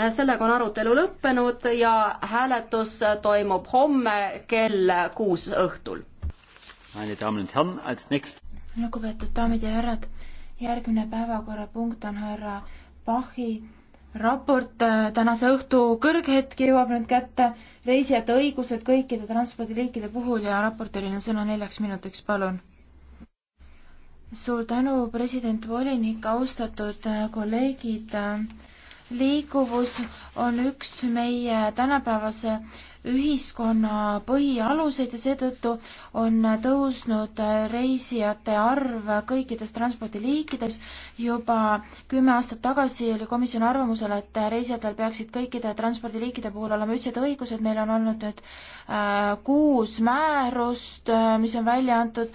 Äh, sellega on arutelu lõppenud ja hääletus toimub homme kell kuus õhtul. lugupeetud daamid ja härrad, järgmine päevakorrapunkt on härra Pahi raport äh, tänase õhtu kõrghetk jõuab nüüd kätte, reisijate õigused kõikide transpordiliikide puhul ja raportööril on sõna neljaks minutiks, palun. suur tänu, president, volinik, austatud äh, kolleegid liikuvus on üks meie tänapäevase ühiskonna põhialuseid ja seetõttu on tõusnud reisijate arv kõikides transpordiliikides. juba kümme aastat tagasi oli komisjon arvamusel, et reisijatel peaksid kõikide transpordiliikide puhul olema ühtsed õigused, meil on olnud nüüd äh, kuus määrust, äh, mis on välja antud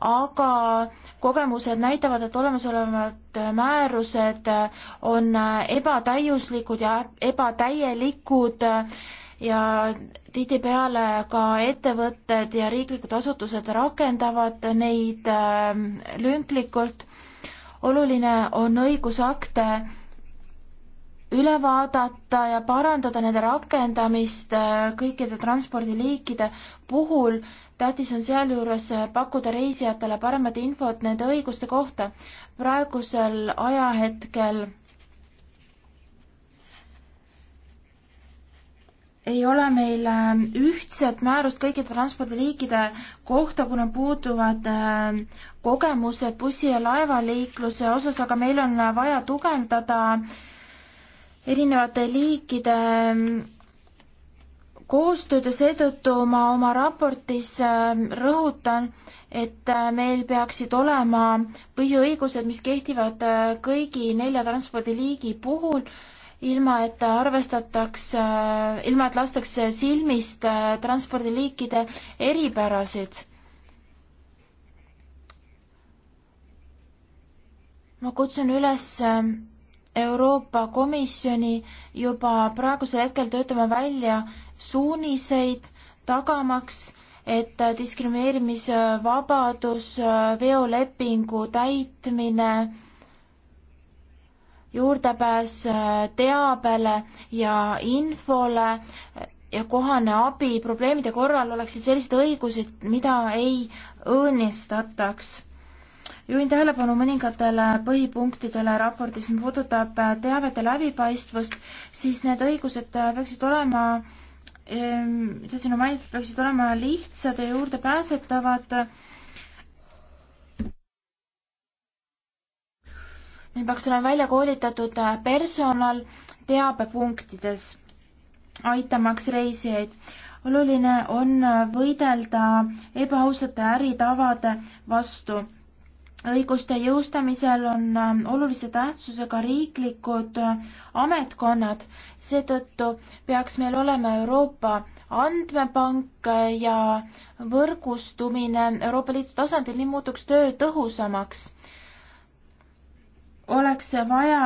aga kogemused näitavad, et olemasolevad määrused on ebatäiuslikud ja ebatäielikud ja tihtipeale ka ettevõtted ja riiklikud asutused rakendavad neid lünklikult. oluline on õigusakte üle vaadata ja parandada nende rakendamist äh, kõikide transpordiliikide puhul. tähtis on sealjuures pakkuda reisijatele paremat infot nende õiguste kohta. praegusel ajahetkel ei ole meil äh, ühtset määrust kõikide transpordiliikide kohta, kuna puuduvad äh, kogemused bussi- ja laevaliikluse osas, aga meil on vaja tugevdada äh, erinevate liikide ähm, koostööd ja seetõttu ma oma raportis ähm, rõhutan, et äh, meil peaksid olema põhiõigused, mis kehtivad äh, kõigi nelja transpordiliigi puhul, ilma et arvestataks, äh, ilma et lastakse silmist transpordiliikide eripärasid. ma kutsun üles ähm, Euroopa Komisjoni juba praegusel hetkel töötame välja suuniseid tagamaks, et diskrimineerimisvabadus, veolepingu täitmine, juurdepääs teabele ja infole ja kohane abi probleemide korral oleksid sellised õigused, mida ei õõnistataks juhin tähelepanu mõningatele põhipunktidele raportis, mis puudutab äh, teavete läbipaistvust, siis need õigused äh, peaksid olema, ähm, mida siin on mainitud, peaksid olema lihtsad ja juurdepääsetavad. meil peaks olema välja koolitatud äh, personal teabepunktides, aitamaks reisijaid oluline on võidelda ebaausate äritavade vastu õiguste jõustamisel on ähm, olulise tähtsusega riiklikud äh, ametkonnad, seetõttu peaks meil olema Euroopa andmepank äh, ja võrgustumine Euroopa Liidu tasandil, nii muutuks töö tõhusamaks. oleks vaja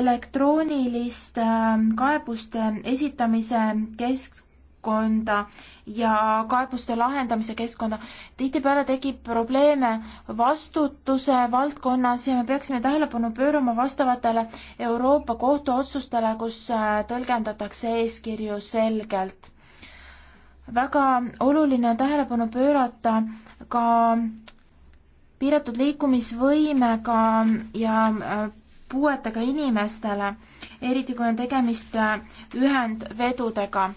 elektroonilist ähm, kaebuste esitamise kesk-, keskkonda ja kaebuste lahendamise keskkonda. tihtipeale tekib probleeme vastutuse valdkonnas ja me peaksime tähelepanu pöörama vastavatele Euroopa Kohtu otsustele, kus äh, tõlgendatakse eeskirju selgelt. väga oluline on tähelepanu pöörata ka piiratud liikumisvõimega ja äh, puuetega inimestele, eriti kui on tegemist äh, ühendvedudega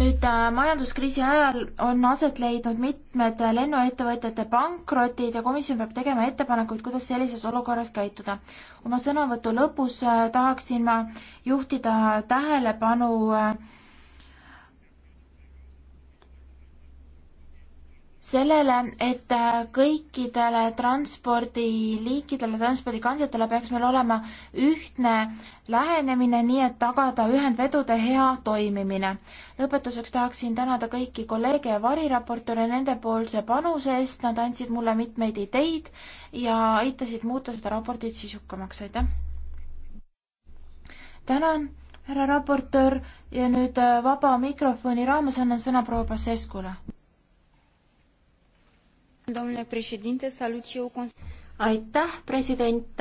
nüüd äh, majanduskriisi ajal on aset leidnud mitmed lennuettevõtjate pankrotid ja komisjon peab tegema ettepanekuid, kuidas sellises olukorras käituda. oma sõnavõtu lõpus äh, tahaksin ma juhtida tähelepanu äh, sellele, et äh, kõikidele transpordiliikidele, transpordikandjatele peaks meil olema ühtne lähenemine, nii et tagada ühendvedude hea toimimine. lõpetuseks tahaksin tänada kõiki kolleege ja variraportööre nendepoolse panuse eest, nad andsid mulle mitmeid ideid ja aitasid muuta seda raportit sisukamaks, aitäh! tänan, härra raportöör ja nüüd äh, vaba mikrofoni raames annan sõna proua Paseskule aitäh, president.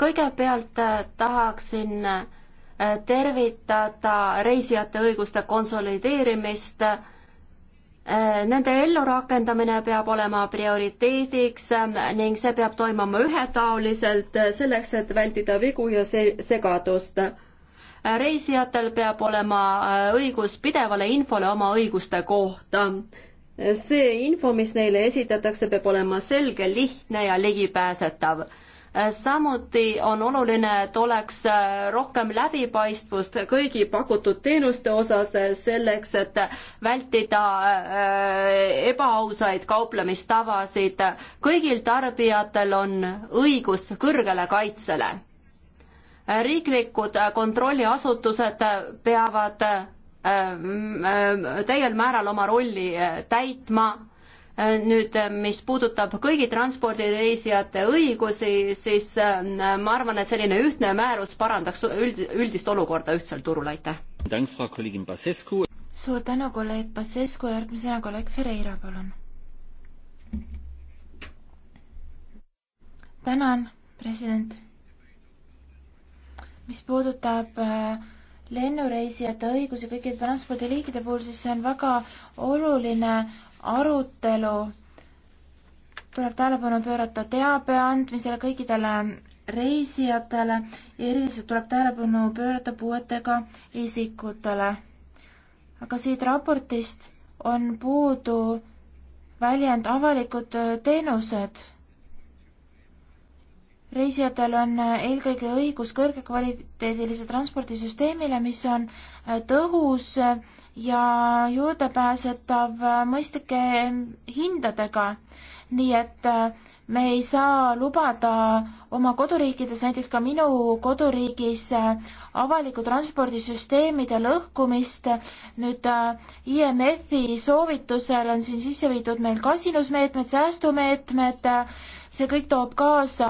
kõigepealt eh, tahaksin eh, tervitada reisijate õiguste konsolideerimist. Eh, nende ellurakendamine peab olema prioriteediks ning see peab toimuma ühetaoliselt selleks, et vältida vigu ja segadust. reisijatel peab olema õigus pidevale infole oma õiguste kohta see info, mis neile esitatakse, peab olema selge, lihtne ja ligipääsetav. samuti on oluline, et oleks rohkem läbipaistvust kõigi pakutud teenuste osas selleks, et vältida äh, ebaausaid kauplemistavasid. kõigil tarbijatel on õigus kõrgele kaitsele riiklikud kontrolliasutused peavad Äh, äh, täiel määral oma rolli äh, täitma nüüd, mis puudutab kõigi transpordireisijate õigusi, siis ma arvan, et selline ühtne määrus parandaks üld, üldist olukorda ühtsel turul, aitäh. suur tänu, kolleeg Basescu, järgmisena kolleeg Ferreira, palun. tänan, president. mis puudutab äh, lennureisijate õigusi kõikide transpordiliigide puhul, siis see on väga oluline arutelu. tuleb tähelepanu pöörata teabe andmisele kõikidele reisijatele ja eriliselt tuleb tähelepanu pöörata puuetega isikutele. aga siit raportist on puudu väljend avalikud teenused reisijatel on äh, eelkõige õigus kõrgekvaliteedilise transpordisüsteemile, mis on äh, tõhus äh, ja juurdepääsetav mõistlike hindadega. nii et me ei saa lubada oma koduriikides, näiteks ka minu koduriigis, avaliku transpordisüsteemide lõhkumist. nüüd IMF-i soovitusel on siin sisse viidud meil kasinusmeetmed, säästumeetmed, see kõik toob kaasa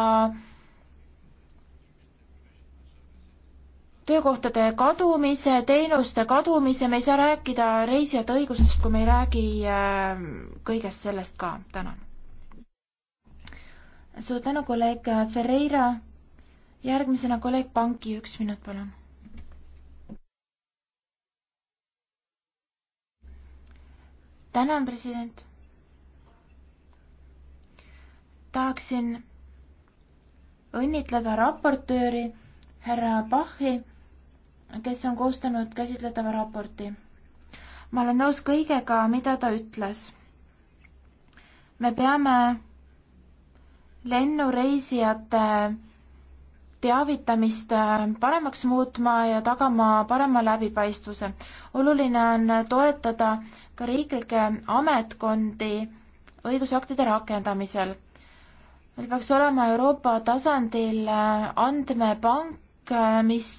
töökohtade kadumise, teenuste kadumise, me ei saa rääkida reisijate õigustest, kui me ei räägi äh, kõigest sellest ka, tänan. suur tänu, kolleeg Ferreira. järgmisena kolleeg Panki, üks minut, palun. tänan, president. tahaksin õnnitleda raportööri härra Bachi kes on koostanud käsitletava raporti. ma olen nõus kõigega, mida ta ütles. me peame lennureisijate teavitamist paremaks muutma ja tagama parema läbipaistvuse. oluline on toetada ka riiklikke ametkondi õigusaktide rakendamisel. meil peaks olema Euroopa tasandil andmepank, mis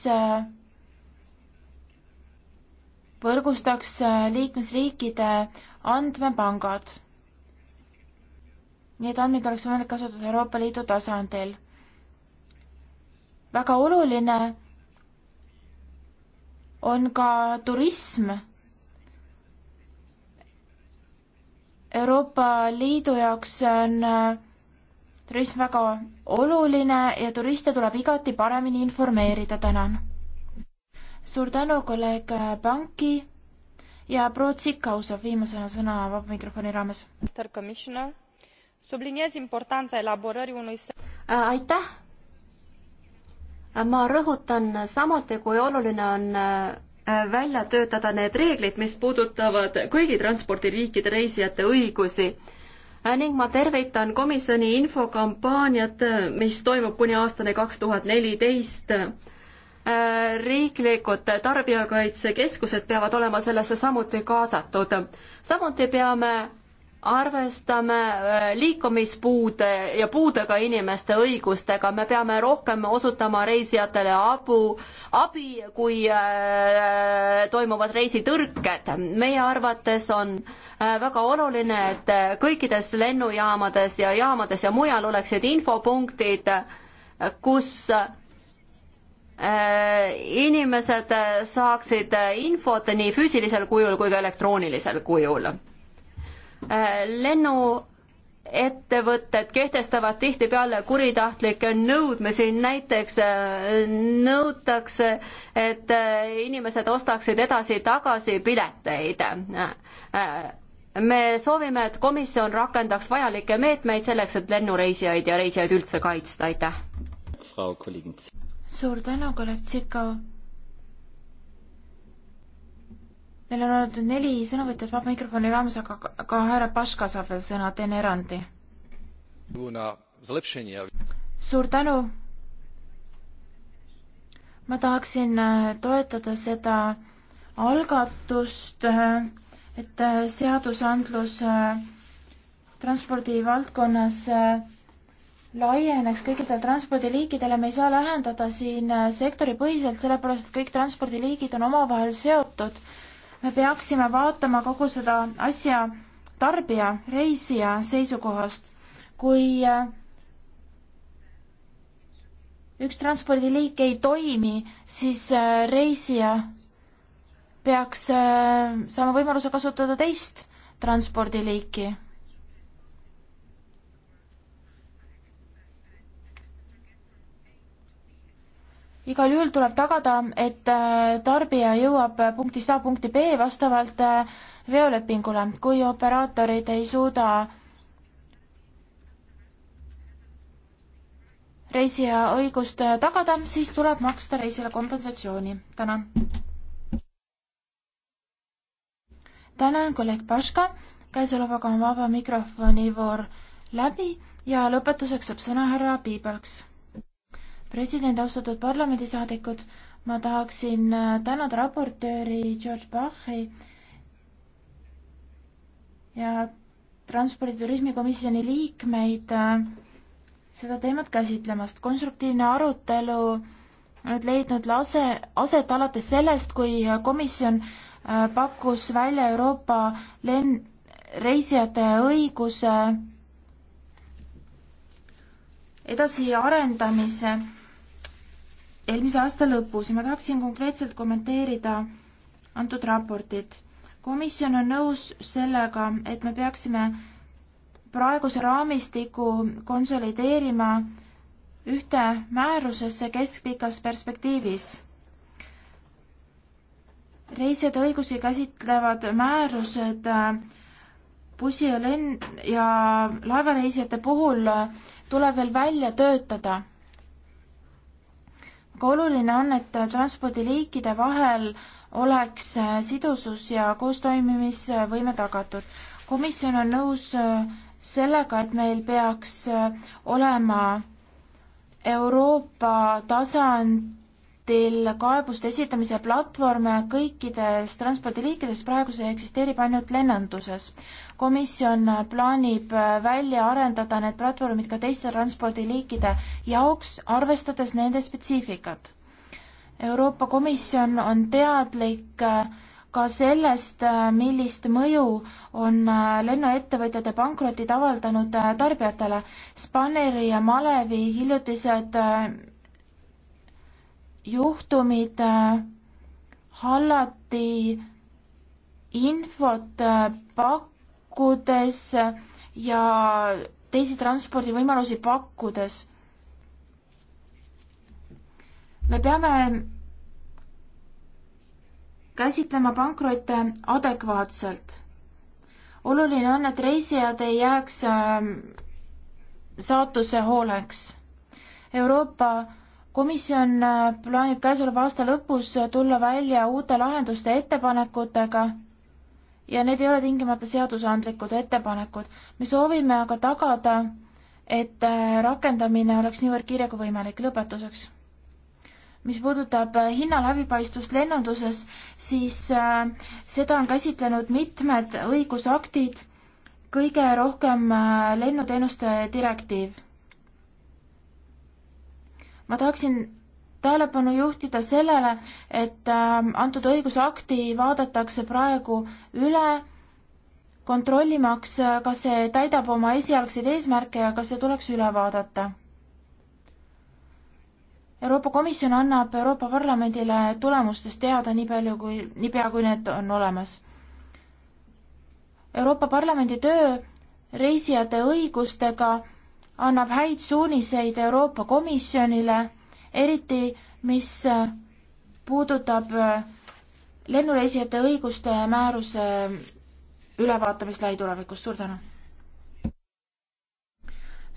võrgustaks äh, liikmesriikide andmepangad. Need andmed oleks võimalik kasutada Euroopa Liidu tasandil. väga oluline on ka turism. Euroopa Liidu jaoks on äh, turism väga oluline ja turiste tuleb igati paremini informeerida, tänan suur tänu, kolleeg Panki ja proua Tsikausov, viimasena sõna vaba mikrofoni raames. Äh, aitäh! Äh, ma rõhutan samuti, kui oluline on äh, välja töötada need reeglid, mis puudutavad kõigi transpordiliikide reisijate õigusi ning ma tervitan komisjoni infokampaaniat, mis toimub kuni aastani kaks tuhat neliteist Äh, riiklikud tarbijakaitsekeskused peavad olema sellesse samuti kaasatud. samuti peame arvestame äh, liikumispuude ja puudega inimeste õigustega, me peame rohkem osutama reisijatele abu, abi, kui äh, toimuvad reisitõrked. meie arvates on väga oluline, et kõikides lennujaamades ja jaamades ja mujal oleksid infopunktid, kus Äh, inimesed äh, saaksid äh, infot nii füüsilisel kujul kui ka elektroonilisel kujul. lennuettevõtted kehtestavad tihtipeale kuritahtlikke nõudmisi, näiteks nõutakse, et inimesed ostaksid edasi-tagasi pileteid me soovime, et komisjon rakendaks vajalikke meetmeid selleks, et lennureisijaid ja reisijaid üldse kaitsta, aitäh suur tänu, kolleeg Tsirko. meil on olnud neli sõnavõtjat vaba mikrofoni raames, aga ka härra Paška saab veel sõna, teen erandi. suur tänu. ma tahaksin äh, toetada seda algatust, äh, et äh, seadusandlus transpordivaldkonnas laieneks kõikidele transpordiliikidele, me ei saa lähendada siin äh, sektoripõhiselt, sellepärast et kõik transpordiliigid on omavahel seotud. me peaksime vaatama kogu seda asja tarbija, reisija seisukohast. kui äh, üks transpordiliik ei toimi, siis äh, reisija peaks saama võimaluse kasutada teist transpordiliiki igal juhul tuleb tagada, et äh, tarbija jõuab punktist A punkti B vastavalt äh, veolepingule, kui operaatorid ei suuda reisija õigust äh, tagada, siis tuleb maksta reisile kompensatsiooni. tänan. tänan kolleeg Paška, käesolevaga on vaba mikrofoni voor läbi ja lõpetuseks saab sõna härra Piibalks president, austatud parlamendisaadikud, ma tahaksin äh, tänada raportööri George Bachi ja transpordi- ja turismikomisjoni liikmeid äh, seda teemat käsitlemast. konstruktiivne arutelu on leidnud lase, aset alates sellest, kui äh, komisjon pakkus välja Euroopa len-, reisijate õiguse edasiarendamise eelmise aasta lõpus ja ma tahaksin konkreetselt kommenteerida antud raportit. komisjon on nõus sellega, et me peaksime praeguse raamistiku konsolideerima ühte määrusesse keskpikas perspektiivis. reisijate õigusi käsitlevad määrused äh, bussi ja lenn- ja laevareisijate puhul äh, tuleb veel välja töötada aga oluline on, et transpordiliikide vahel oleks äh, sidusus ja koostoimimisvõime tagatud. komisjon on nõus äh, sellega, et meil peaks äh, olema Euroopa tasand teil kaebuste esitamise platvorme kõikides transpordiliikides, praegu see eksisteerib ainult lennunduses. komisjon plaanib välja arendada need platvormid ka teiste transpordiliikide jaoks, arvestades nende spetsiifikat. Euroopa Komisjon on teadlik äh, ka sellest, äh, millist mõju on äh, lennuettevõtjate pankrotid avaldanud tarbijatele. Spanneri ja malevi hiljutised juhtumid hallati infot äh, pakkudes ja teisi transpordivõimalusi pakkudes. me peame käsitlema pankrotte adekvaatselt. oluline on, et reisijad ei jääks ähm, saatuse hooleks. Euroopa komisjon äh, plaanib käesoleva aasta lõpus tulla välja uute lahenduste ettepanekutega ja need ei ole tingimata seadusandlikud ettepanekud. me soovime aga tagada, et äh, rakendamine oleks niivõrd kiire kui võimalik. lõpetuseks. mis puudutab äh, hinna läbipaistvust lennunduses, siis seda on käsitlenud mitmed õigusaktid, kõige rohkem lennuteenuste direktiiv ma tahaksin tähelepanu juhtida sellele, et ähm, antud õigusakti vaadatakse praegu üle, kontrollimaks, äh, kas see täidab oma esialgseid eesmärke ja kas see tuleks üle vaadata. Euroopa Komisjon annab Euroopa Parlamendile tulemustest teada nii palju kui, niipea kui need on olemas. Euroopa Parlamendi töö reisijate õigustega annab häid suuniseid Euroopa Komisjonile, eriti mis äh, puudutab äh, lennureisijate õiguste määruse äh, ülevaatamist lähitulevikus, suur tänu!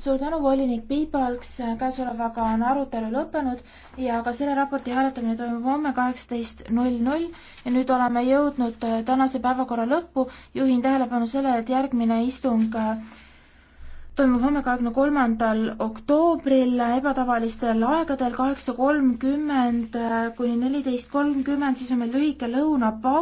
suur tänu, volinik Piibalks, käesolevaga on arutelu lõppenud ja ka selle raporti hääletamine toimub homme kaheksateist null null ja nüüd oleme jõudnud tänase päevakorra lõppu, juhin tähelepanu sellele, et järgmine istung toimub homme kahekümne kolmandal oktoobril ebatavalistel aegadel kaheksa kolmkümmend kuni neliteist kolmkümmend, siis on meil lühike lõunapaus.